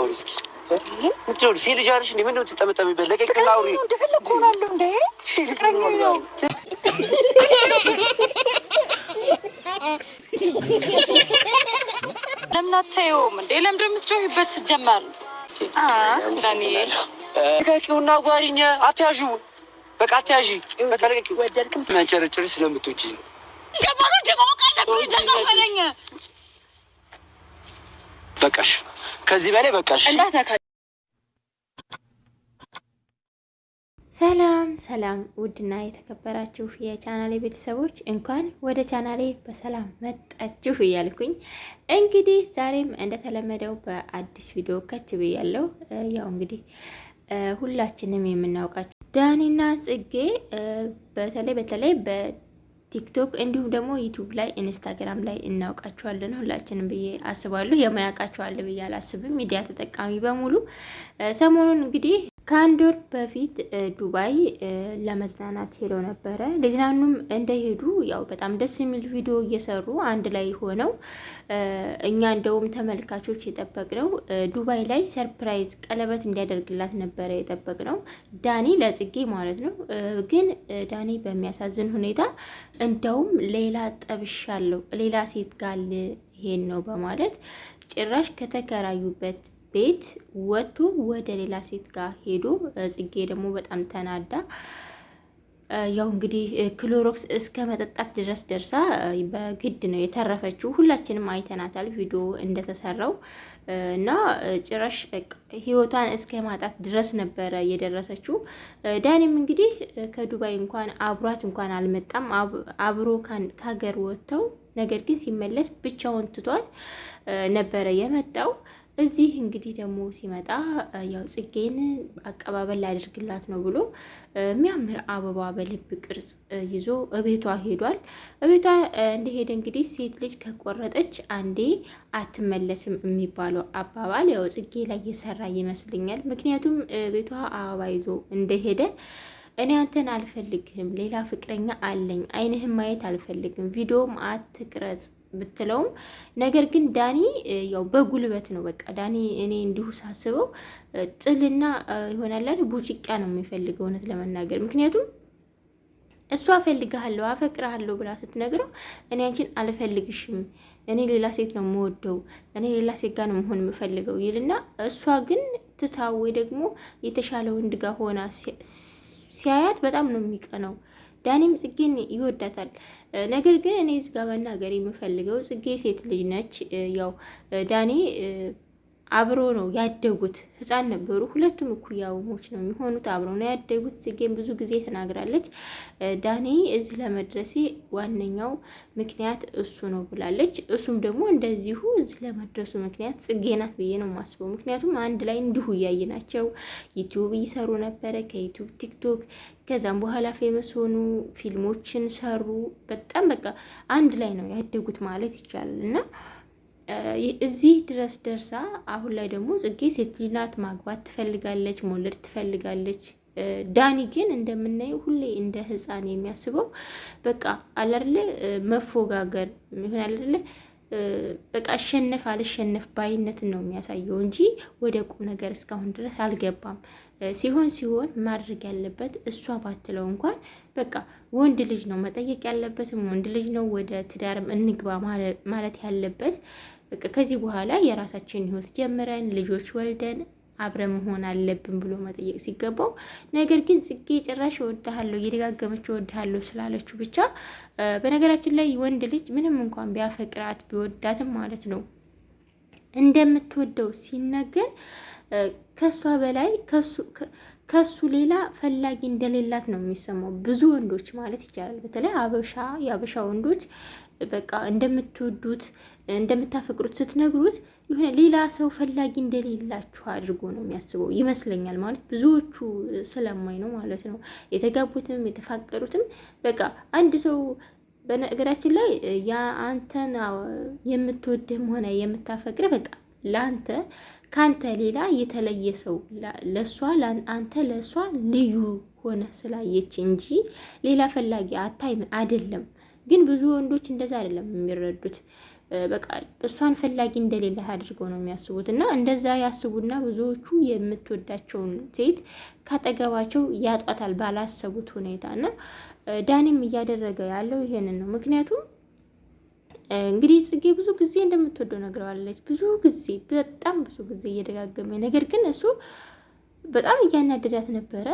አውሪ እስኪ ለምን አታየውም እንዴ? ለምን የምትጮሂበት? ስትጀመር ዳኒኤልና ጓሪኛ አትያዥ፣ በቃ አትያዥ፣ በቃ ለቀቂው። ወደድክም ትናጨረጭሪ ስለምትወጪ ነው። በቃሽ፣ ከዚህ በላይ በቃሽ። ሰላም ሰላም! ውድና የተከበራችሁ የቻናሌ ቤተሰቦች እንኳን ወደ ቻናሌ በሰላም መጣችሁ እያልኩኝ እንግዲህ ዛሬም እንደተለመደው በአዲስ ቪዲዮ ከች ብያለሁ። ያው እንግዲህ ሁላችንም የምናውቃቸው ዳኒና ጽጌ በተለይ በተለይ ቲክቶክ እንዲሁም ደግሞ ዩቱብ ላይ ኢንስታግራም ላይ እናውቃቸዋለን ሁላችንም ብዬ አስባለሁ። የማያውቃቸዋለ ብዬ አላስብም። ሚዲያ ተጠቃሚ በሙሉ ሰሞኑን እንግዲህ ከአንድ ወር በፊት ዱባይ ለመዝናናት ሄደው ነበረ። ሊዝናኑም እንደሄዱ ያው በጣም ደስ የሚል ቪዲዮ እየሰሩ አንድ ላይ ሆነው እኛ እንደውም ተመልካቾች የጠበቅነው ዱባይ ላይ ሰርፕራይዝ ቀለበት እንዲያደርግላት ነበረ የጠበቅነው ዳኒ ለጽጌ ማለት ነው። ግን ዳኒ በሚያሳዝን ሁኔታ እንደውም ሌላ ጠብሻለሁ ሌላ ሴት ጋር ይሄን ነው በማለት ጭራሽ ከተከራዩበት ቤት ወጥቶ ወደ ሌላ ሴት ጋር ሄዶ ጽጌ ደግሞ በጣም ተናዳ ያው እንግዲህ ክሎሮክስ እስከ መጠጣት ድረስ ደርሳ በግድ ነው የተረፈችው። ሁላችንም አይተናታል ቪዲዮ እንደተሰራው እና ጭራሽ ህይወቷን እስከ ማጣት ድረስ ነበረ የደረሰችው። ዳኒም እንግዲህ ከዱባይ እንኳን አብሯት እንኳን አልመጣም። አብሮ ከሀገር ወጥተው ነገር ግን ሲመለስ ብቻውን ትቷት ነበረ የመጣው። እዚህ እንግዲህ ደግሞ ሲመጣ ያው ጽጌን አቀባበል ላያደርግላት ነው ብሎ የሚያምር አበባ በልብ ቅርጽ ይዞ እቤቷ ሄዷል። እቤቷ እንደሄደ እንግዲህ ሴት ልጅ ከቆረጠች አንዴ አትመለስም የሚባለው አባባል ያው ጽጌ ላይ የሰራ ይመስለኛል። ምክንያቱም ቤቷ አበባ ይዞ እንደሄደ እኔ አንተን አልፈልግህም፣ ሌላ ፍቅረኛ አለኝ፣ አይንህም ማየት አልፈልግም፣ ቪዲዮም አትቅረጽ ብትለውም ነገር ግን ዳኒ ያው በጉልበት ነው። በቃ ዳኒ እኔ እንዲሁ ሳስበው ጥልና ይሆናላል ቡጭቂያ ነው የሚፈልገው እውነት ለመናገር ምክንያቱም እሷ እፈልግሃለሁ አፈቅርሃለሁ ብላ ስትነግረው እኔ አንቺን አልፈልግሽም፣ እኔ ሌላ ሴት ነው የምወደው፣ እኔ ሌላ ሴት ጋር ነው መሆን የምፈልገው ይልና እሷ ግን ትታው ወይ ደግሞ የተሻለ ወንድ ጋር ሆና ሲያያት በጣም ነው የሚቀናው። ዳኒም ጽጌን ይወዳታል። ነገር ግን እኔ እዚህ ጋ መናገር የምፈልገው ጽጌ ሴት ልጅ ነች። ያው ዳኒ አብሮ ነው ያደጉት። ህፃን ነበሩ ሁለቱም እኩያሞች ነው የሚሆኑት። አብሮ ነው ያደጉት። ጽጌም ብዙ ጊዜ ተናግራለች። ዳኒ እዚህ ለመድረሴ ዋነኛው ምክንያት እሱ ነው ብላለች። እሱም ደግሞ እንደዚሁ እዚህ ለመድረሱ ምክንያት ጽጌ ናት ብዬ ነው የማስበው። ምክንያቱም አንድ ላይ እንዲሁ እያየ ናቸው ዩቲዩብ ይሰሩ ነበረ፣ ከዩቲዩብ ቲክቶክ፣ ከዛም በኋላ ፌመስ ሆኑ፣ ፊልሞችን ሰሩ። በጣም በቃ አንድ ላይ ነው ያደጉት ማለት ይቻላል እና እዚህ ድረስ ደርሳ አሁን ላይ ደግሞ ጽጌ ሴት ልጅ ናት፣ ማግባት ትፈልጋለች፣ መውለድ ትፈልጋለች። ዳኒ ግን እንደምናየው ሁሌ እንደ ህፃን የሚያስበው በቃ አላርለ መፎጋገር ይሆን አላርለ በቃ አሸነፍ አልሸነፍ ባይነትን ነው የሚያሳየው እንጂ ወደ ቁም ነገር እስካሁን ድረስ አልገባም። ሲሆን ሲሆን ማድረግ ያለበት እሷ ባትለው እንኳን በቃ ወንድ ልጅ ነው መጠየቅ ያለበትም ወንድ ልጅ ነው ወደ ትዳርም እንግባ ማለት ያለበት። በቃ ከዚህ በኋላ የራሳችን ህይወት ጀምረን ልጆች ወልደን አብረ መሆን አለብን ብሎ መጠየቅ ሲገባው፣ ነገር ግን ጽጌ ጭራሽ እወድሃለሁ እየደጋገመች እወድሃለሁ ስላለችው ብቻ። በነገራችን ላይ ወንድ ልጅ ምንም እንኳን ቢያፈቅራት ቢወዳትም ማለት ነው እንደምትወደው ሲነገር ከእሷ በላይ ከሱ ሌላ ፈላጊ እንደሌላት ነው የሚሰማው። ብዙ ወንዶች ማለት ይቻላል በተለይ አበሻ የአበሻ ወንዶች በቃ እንደምትወዱት እንደምታፈቅሩት ስትነግሩት የሆነ ሌላ ሰው ፈላጊ እንደሌላችሁ አድርጎ ነው የሚያስበው ይመስለኛል። ማለት ብዙዎቹ ስለማይ ነው ማለት ነው። የተጋቡትም የተፋቀሩትም በቃ አንድ ሰው በነገራችን ላይ የአንተን የምትወድም ሆነ የምታፈቅረ በቃ ለአንተ ከአንተ ሌላ የተለየ ሰው ለእሷ አንተ ለእሷ ልዩ ሆነ ስላየች እንጂ ሌላ ፈላጊ አታይም አይደለም። ግን ብዙ ወንዶች እንደዛ አይደለም የሚረዱት። በቃ እሷን ፈላጊ እንደሌለ አድርገው ነው የሚያስቡት። እና እንደዛ ያስቡና ብዙዎቹ የምትወዳቸውን ሴት ካጠገባቸው ያጧታል ባላሰቡት ሁኔታ። እና ዳኒም እያደረገ ያለው ይሄንን ነው። ምክንያቱም እንግዲህ ጽጌ ብዙ ጊዜ እንደምትወደው ነግረዋለች። ብዙ ጊዜ በጣም ብዙ ጊዜ እየደጋገመ ነገር ግን እሱ በጣም እያናደዳት ነበረ።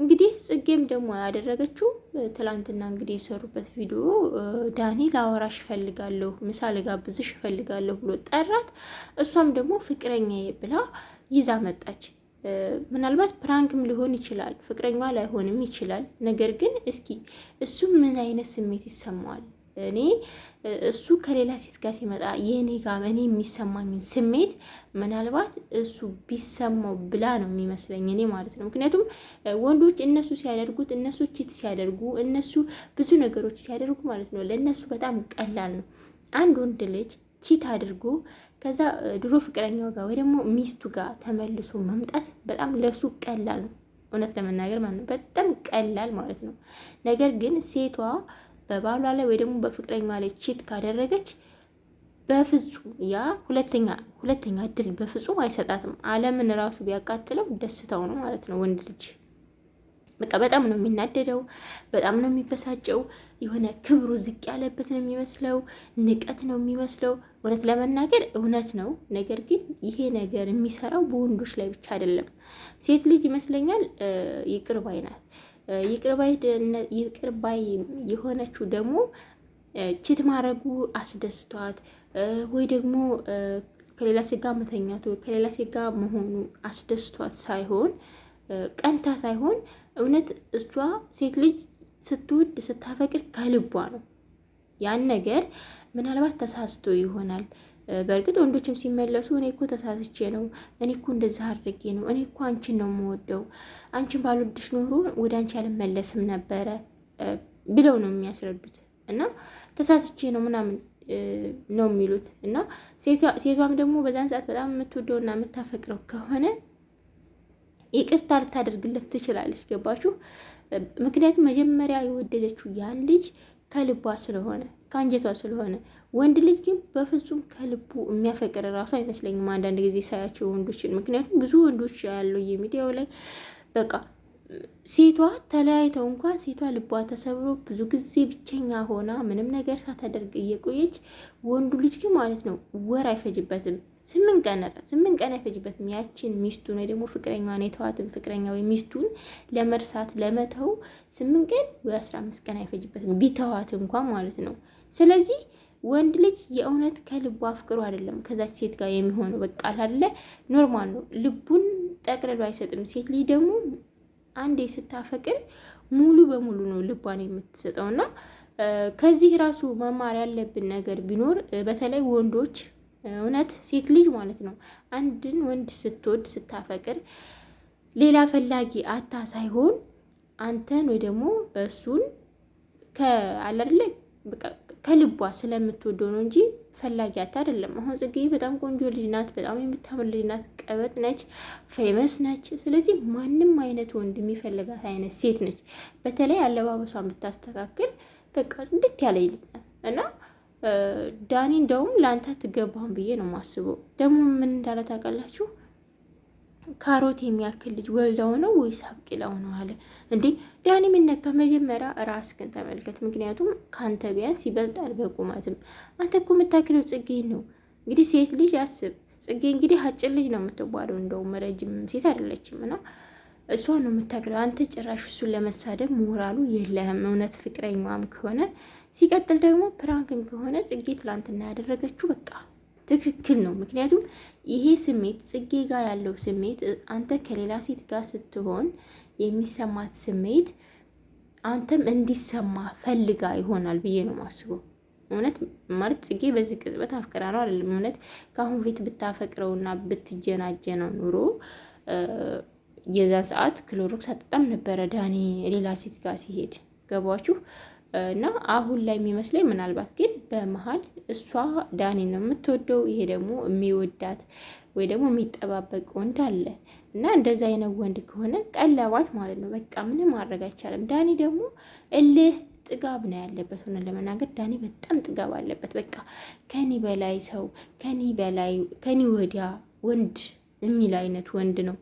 እንግዲህ ጽጌም ደግሞ ያደረገችው ትላንትና እንግዲህ የሰሩበት ቪዲዮ ዳኒ ላወራሽ እፈልጋለሁ፣ ምሳ ልጋብዝሽ እፈልጋለሁ ብሎ ጠራት። እሷም ደግሞ ፍቅረኛዬ ብላ ይዛ መጣች። ምናልባት ፕራንክም ሊሆን ይችላል፣ ፍቅረኛዋ ላይሆንም ይችላል። ነገር ግን እስኪ እሱ ምን አይነት ስሜት ይሰማዋል እኔ እሱ ከሌላ ሴት ጋር ሲመጣ የእኔ ጋር እኔ የሚሰማኝን ስሜት ምናልባት እሱ ቢሰማው ብላ ነው የሚመስለኝ እኔ ማለት ነው። ምክንያቱም ወንዶች እነሱ ሲያደርጉት እነሱ ችት ሲያደርጉ እነሱ ብዙ ነገሮች ሲያደርጉ ማለት ነው ለእነሱ በጣም ቀላል ነው። አንድ ወንድ ልጅ ቺት አድርጎ ከዛ ድሮ ፍቅረኛው ጋር ወይ ደግሞ ሚስቱ ጋር ተመልሶ መምጣት በጣም ለሱ ቀላል ነው። እውነት ለመናገር ማለት ነው በጣም ቀላል ማለት ነው። ነገር ግን ሴቷ በባሏ ላይ ወይ ደግሞ በፍቅረኛ ላይ ቺት ካደረገች በፍጹም ያ ሁለተኛ ሁለተኛ እድል በፍጹም አይሰጣትም። ዓለምን ራሱ ቢያቃትለው ደስታው ነው ማለት ነው። ወንድ ልጅ በቃ በጣም ነው የሚናደደው፣ በጣም ነው የሚበሳጨው። የሆነ ክብሩ ዝቅ ያለበት ነው የሚመስለው፣ ንቀት ነው የሚመስለው። እውነት ለመናገር እውነት ነው። ነገር ግን ይሄ ነገር የሚሰራው በወንዶች ላይ ብቻ አይደለም። ሴት ልጅ ይመስለኛል ይቅር ባይ ናት። ይቅር ባይ የሆነችው ደግሞ ችት ማድረጉ አስደስቷት ወይ ደግሞ ከሌላ ሴጋ መተኛቱ ከሌላ ሴጋ መሆኑ አስደስቷት ሳይሆን ቀንታ ሳይሆን እውነት እሷ ሴት ልጅ ስትወድ ስታፈቅር ከልቧ ነው። ያን ነገር ምናልባት ተሳስቶ ይሆናል በእርግጥ ወንዶችም ሲመለሱ እኔ እኮ ተሳስቼ ነው፣ እኔ እኮ እንደዚህ አድርጌ ነው፣ እኔ እኮ አንቺን ነው የምወደው፣ አንቺን ባልወድሽ ኖሮ ወደ አንቺ አልመለስም ነበረ ብለው ነው የሚያስረዱት። እና ተሳስቼ ነው ምናምን ነው የሚሉት። እና ሴቷም ደግሞ በዛን ሰዓት በጣም የምትወደውና የምታፈቅረው ከሆነ ይቅርታ ልታደርግለት ትችላለች። ገባችሁ? ምክንያቱም መጀመሪያ የወደደችው ያን ልጅ ከልቧ ስለሆነ ከአንጀቷ ስለሆነ ወንድ ልጅ ግን በፍጹም ከልቡ የሚያፈቅር ራሱ አይመስለኝም አንዳንድ ጊዜ ሳያቸው ወንዶችን። ምክንያቱም ብዙ ወንዶች ያለው የሚዲያው ላይ በቃ ሴቷ ተለያይተው እንኳን ሴቷ ልቧ ተሰብሮ ብዙ ጊዜ ብቸኛ ሆና ምንም ነገር ሳታደርግ እየቆየች ወንዱ ልጅ ግን ማለት ነው ወር አይፈጅበትም፣ ስምንት ቀን ስምንት ቀን አይፈጅበትም። ያችን ሚስቱን ወይ ደግሞ ፍቅረኛዋን የተዋትን ፍቅረኛ ወይ ሚስቱን ለመርሳት ለመተው ስምንት ቀን ወይ አስራ አምስት ቀን አይፈጅበትም ቢተዋት እንኳን ማለት ነው። ስለዚህ ወንድ ልጅ የእውነት ከልቡ አፍቅሮ አይደለም ከዛች ሴት ጋር የሚሆነው በቃ አለ ኖርማል ነው። ልቡን ጠቅልሎ አይሰጥም። ሴት ልጅ ደግሞ አንዴ ስታፈቅር ሙሉ በሙሉ ነው ልቧን እና ከዚህ ራሱ መማር ያለብን ነገር ቢኖር በተለይ ወንዶች እውነት ሴት ልጅ ማለት ነው አንድን ወንድ ስትወድ ስታፈቅር ሌላ ፈላጊ አታ ሳይሆን አንተን ወይ ደግሞ እሱን ከአላደለ ከልቧ ስለምትወደው ነው እንጂ ፈላጊያት አይደለም። አሁን ጽጌ በጣም ቆንጆ ልጅ ናት፣ በጣም የምታምር ልጅ ናት፣ ቀበጥ ነች፣ ፌመስ ነች። ስለዚህ ማንም አይነት ወንድ የሚፈልጋት አይነት ሴት ነች። በተለይ አለባበሷ የምታስተካክል በቃ እንድት ያለ እና ዳኒ እንደውም ለአንተ ትገባን ብዬ ነው ማስበው። ደግሞ ምን እንዳለ ታውቃላችሁ? ካሮት የሚያክል ልጅ ወልደው ነው ወይስ አብቅለው ነው አለ እንዴ ዳኒ የምነካ መጀመሪያ ራስህን ተመልከት ምክንያቱም ከአንተ ቢያንስ ይበልጣል በቁመትም አንተ እኮ የምታክለው ጽጌን ነው እንግዲህ ሴት ልጅ አስብ ጽጌ እንግዲህ አጭር ልጅ ነው የምትባለው እንደውም ረጅም ሴት አይደለችም እና እሷ ነው የምታክለው አንተ ጭራሽ እሱን ለመሳደብ ሞራሉ የለህም እውነት ፍቅረኛም ከሆነ ሲቀጥል ደግሞ ፕራንክም ከሆነ ጽጌ ትላንትና ያደረገችው በቃ ትክክል ነው። ምክንያቱም ይሄ ስሜት ጽጌ ጋር ያለው ስሜት አንተ ከሌላ ሴት ጋር ስትሆን የሚሰማት ስሜት አንተም እንዲሰማ ፈልጋ ይሆናል ብዬ ነው ማስበው። እውነት ማለት ጽጌ በዚህ ቅጽበት አፍቅራ ነው አይደለም። እውነት ከአሁን ፊት ብታፈቅረውና ብትጀናጀ ነው ኑሮ የዛን ሰዓት ክሎሮክስ አጠጣም ነበረ ዳኒ ሌላ ሴት ጋር ሲሄድ ገባችሁ? እና አሁን ላይ የሚመስለኝ ምናልባት ግን በመሀል እሷ ዳኒ ነው የምትወደው፣ ይሄ ደግሞ የሚወዳት ወይ ደግሞ የሚጠባበቅ ወንድ አለ እና እንደዚ አይነት ወንድ ከሆነ ቀለባት ማለት ነው። በቃ ምንም ማድረግ አይቻልም። ዳኒ ደግሞ እልህ ጥጋብ ነው ያለበት። ሆነ ለመናገር ዳኒ በጣም ጥጋብ አለበት። በቃ ከኒ በላይ ሰው ከኒ በላይ ከኒ ወዲያ ወንድ የሚል አይነት ወንድ ነው።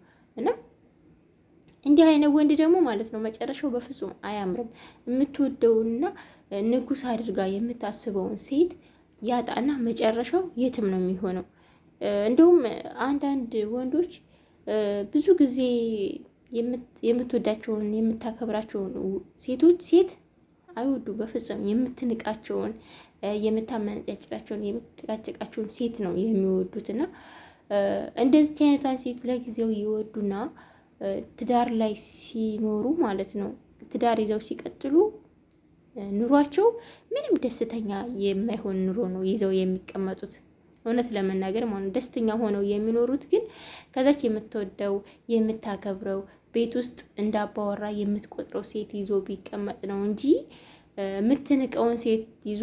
እንዲህ አይነት ወንድ ደግሞ ማለት ነው መጨረሻው በፍጹም አያምርም። የምትወደውና ንጉስ አድርጋ የምታስበውን ሴት ያጣና መጨረሻው የትም ነው የሚሆነው። እንደውም አንዳንድ ወንዶች ብዙ ጊዜ የምትወዳቸውን የምታከብራቸውን ሴቶች ሴት አይወዱ በፍጹም የምትንቃቸውን የምታመነጫጭራቸውን የምትጨቃጨቃቸውን ሴት ነው የሚወዱትና እንደዚህ አይነቷን ሴት ለጊዜው ይወዱና ትዳር ላይ ሲኖሩ ማለት ነው ትዳር ይዘው ሲቀጥሉ ኑሯቸው ምንም ደስተኛ የማይሆን ኑሮ ነው ይዘው የሚቀመጡት። እውነት ለመናገር ማለት ነው ደስተኛ ሆነው የሚኖሩት ግን ከዛች የምትወደው የምታከብረው ቤት ውስጥ እንዳባወራ የምትቆጥረው ሴት ይዞ ቢቀመጥ ነው እንጂ የምትንቀውን ሴት ይዞ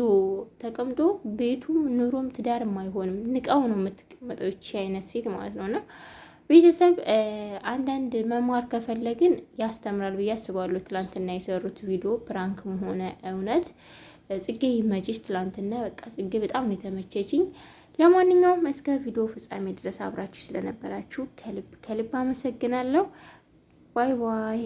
ተቀምጦ ቤቱም ኑሮም ትዳርም አይሆንም። ንቃው ነው የምትቀመጠው ይቺ አይነት ሴት ማለት ነውና ቤተሰብ አንዳንድ መማር ከፈለግን ያስተምራል ብዬ አስባለሁ። ትላንትና የሰሩት ቪዲዮ ፕራንክም ሆነ እውነት ጽጌ ይመችሽ። ትላንትና በቃ ጽጌ በጣም ነው የተመቸችኝ። ለማንኛውም እስከ ቪዲዮ ፍጻሜ ድረስ አብራችሁ ስለነበራችሁ ከልብ ከልብ አመሰግናለሁ። ባይ ባይ